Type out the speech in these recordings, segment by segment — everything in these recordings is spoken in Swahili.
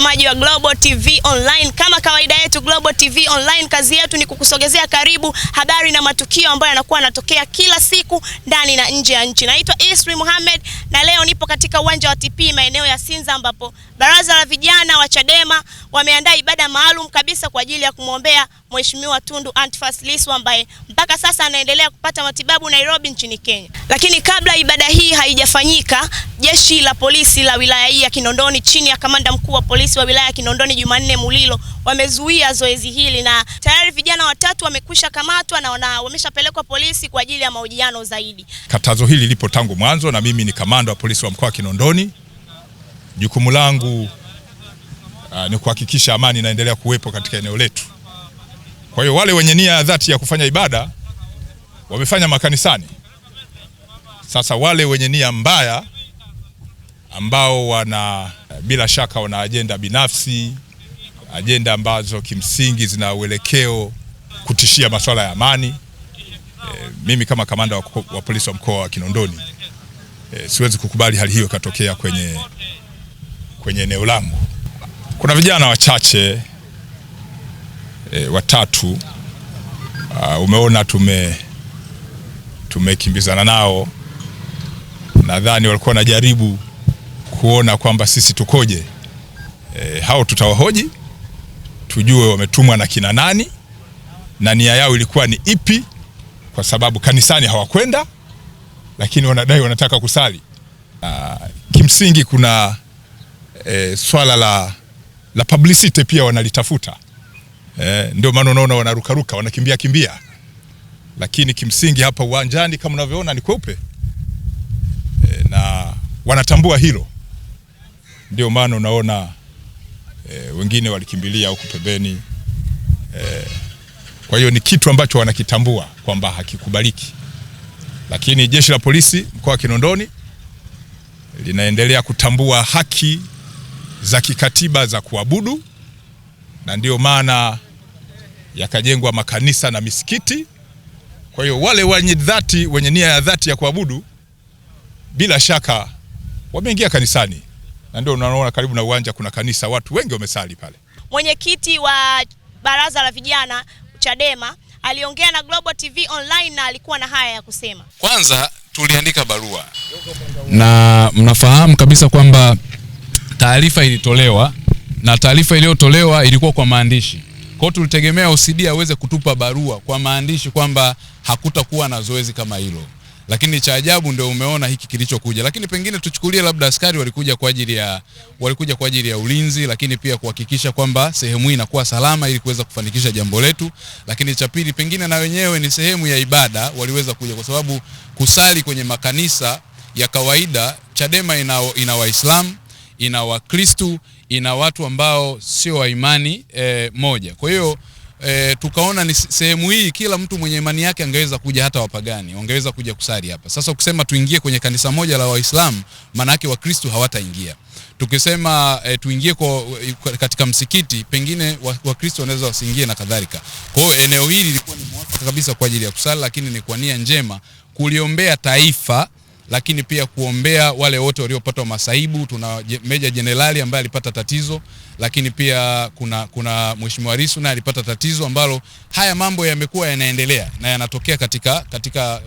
mtazamaji wa Global TV Online. Kama kawaida yetu, Global TV Online kazi yetu ni kukusogezea karibu habari na matukio ambayo yanakuwa yanatokea kila siku ndani na nje ya nchi. Naitwa Isri Mohamed na leo nipo katika uwanja wa TP maeneo ya Sinza ambapo baraza la vijana wa Chadema wameandaa ibada maalum kabisa kwa ajili ya kumwombea Mheshimiwa Tundu Antifas Lissu ambaye mpaka sasa anaendelea kupata matibabu Nairobi nchini Kenya. Lakini kabla ibada hii haijafanyika, jeshi la polisi la wilaya hii ya Kinondoni chini ya kamanda mkuu wa polisi wa wilaya ya Kinondoni Jumanne Mulilo wamezuia zoezi hili na tayari vijana watatu wamekwisha kamatwa na wameshapelekwa polisi kwa ajili ya mahojiano zaidi. Katazo hili lipo tangu mwanzo na mimi ni kamanda wa polisi wa mkoa wa Kinondoni. Jukumu langu uh, ni kuhakikisha amani inaendelea kuwepo katika eneo letu. Kwa hiyo wale wenye nia ya dhati ya kufanya ibada wamefanya makanisani. Sasa wale wenye nia mbaya ambao wana bila shaka wana ajenda binafsi, ajenda ambazo kimsingi zina uelekeo kutishia masuala ya amani. E, mimi kama kamanda wa, wa polisi wa mkoa wa Kinondoni e, siwezi kukubali hali hiyo ikatokea kwenye kwenye eneo langu. Kuna vijana wachache e, watatu uh, umeona tume tumekimbizana nao, nadhani walikuwa wanajaribu kuona kwamba sisi tukoje. E, hao tutawahoji tujue wametumwa na kina nani na nia yao ilikuwa ni ipi, kwa sababu kanisani hawakwenda, lakini wanadai wanataka kusali. Uh, kimsingi kuna e, swala la, la publicity pia wanalitafuta eh, ndio maana unaona wanarukaruka wanakimbia kimbia, lakini kimsingi hapa uwanjani kama unavyoona ni kweupe eh, na wanatambua hilo, ndio maana unaona eh, wengine walikimbilia huku pembeni eh, kwa hiyo ni kitu ambacho wanakitambua kwamba hakikubaliki, lakini jeshi la polisi mkoa wa Kinondoni linaendelea kutambua haki za kikatiba za kuabudu na ndio maana yakajengwa makanisa na misikiti. Kwa hiyo wale wenye dhati, wenye nia ya dhati ya kuabudu bila shaka wameingia kanisani, na ndio unaona karibu na uwanja kuna kanisa, watu wengi wamesali pale. Mwenyekiti wa baraza la vijana Chadema aliongea na Global TV Online na alikuwa na haya ya kusema. Kwanza tuliandika barua, na mnafahamu kabisa kwamba taarifa ilitolewa na taarifa iliyotolewa ilikuwa kwa maandishi kwa hiyo tulitegemea OCD aweze kutupa barua kwa maandishi kwamba hakutakuwa na zoezi kama hilo, lakini cha ajabu ndio umeona hiki kilichokuja. Lakini pengine tuchukulie labda askari walikuja kwa ajili ya walikuja kwa ajili ya ulinzi, lakini pia kuhakikisha kwamba sehemu hii inakuwa salama ili kuweza kufanikisha jambo letu. Lakini cha pili, pengine na wenyewe ni sehemu ya ibada, waliweza kuja kwa sababu kusali kwenye makanisa ya kawaida, Chadema ina, ina Waislamu ina Wakristu ina watu ambao sio wa imani e, moja. Kwa hiyo e, tukaona ni sehemu hii kila mtu mwenye imani yake angeweza kuja, hata wapagani wangeweza kuja kusali hapa. Sasa ukisema tuingie kwenye kanisa moja la Waislamu, maana yake Wakristo hawataingia. Tukisema e, tuingie kwa, katika msikiti pengine Wakristo wanaweza wasiingie na kadhalika. Kwa hiyo eneo hili lilikuwa ni mwafaka kabisa kwa ajili ya kusali, lakini ni kwa nia njema kuliombea taifa lakini pia kuombea wale wote waliopata masaibu. Tuna meja jenerali ambaye alipata tatizo, lakini pia kuna, kuna mheshimiwa Lissu naye alipata tatizo ambalo haya mambo yamekuwa yanaendelea na yanatokea katika, katika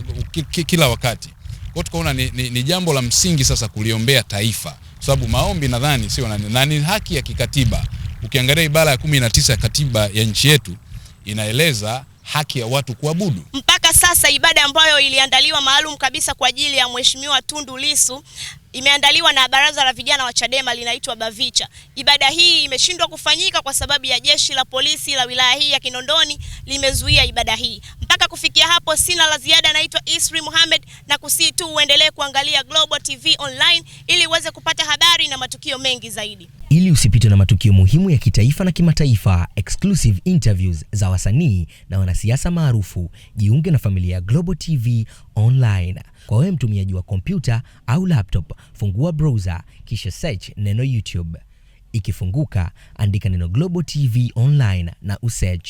kila wakati. Kwa tukaona ni, ni, ni jambo la msingi sasa kuliombea taifa, sababu maombi nadhani sio na ni haki ya kikatiba. Ukiangalia ibara ya 19 ya katiba ya nchi yetu inaeleza haki ya watu kuabudu sasa ibada ambayo iliandaliwa maalum kabisa kwa ajili ya Mheshimiwa Tundu Lissu imeandaliwa na baraza la vijana wa Chadema linaitwa Bavicha. Ibada hii imeshindwa kufanyika kwa sababu ya jeshi la polisi la wilaya hii ya Kinondoni limezuia ibada hii kufikia hapo sina la ziada. Naitwa Isri Muhammad na kusii tu uendelee kuangalia Global TV Online ili uweze kupata habari na matukio mengi zaidi. Ili usipitwe na matukio muhimu ya kitaifa na kimataifa, exclusive interviews za wasanii na wanasiasa maarufu, jiunge na familia ya Global TV Online. Kwa wewe mtumiaji wa kompyuta au laptop, fungua browser kisha search neno YouTube. Ikifunguka, andika neno Global TV Online na usearch